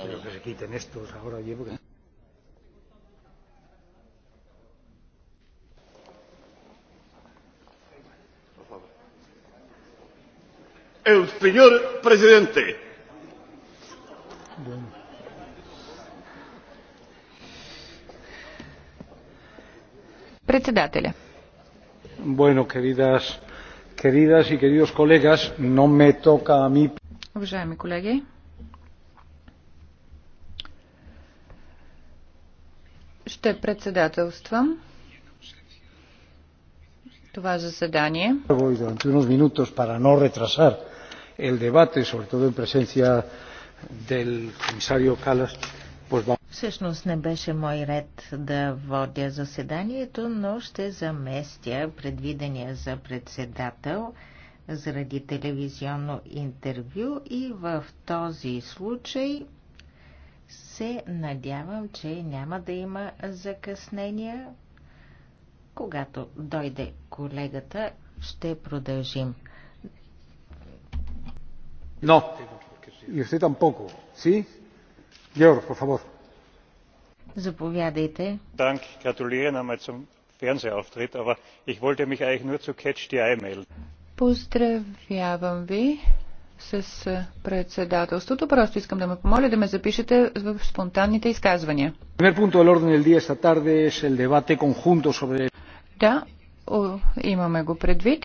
Pero que se quiten estos ahora, allí porque... El señor presidente. Bueno. Председателя. Bueno, queridas, queridas y queridos colegas, no me toca a mí. Уважаеми колеги, Ще председателствам това заседание. Durante unos minutos para no retrasar el debate, sobre todo en presencia del comisario Calas, Всъщност не беше мой ред да водя заседанието, но ще заместя предвидения за председател заради телевизионно интервю и в този случай се надявам, че няма да има закъснения. Когато дойде колегата, ще продължим. Но, и все там поко. Си? Георг, по фавор. Заповядайте. Данк, гратулира на мецом фернзеауфтрит, ава их волте мих айх нур цу кетч ти Поздравявам ви с председателството. Просто искам да ме помоля да ме запишете в спонтанните изказвания. Да, имаме го предвид.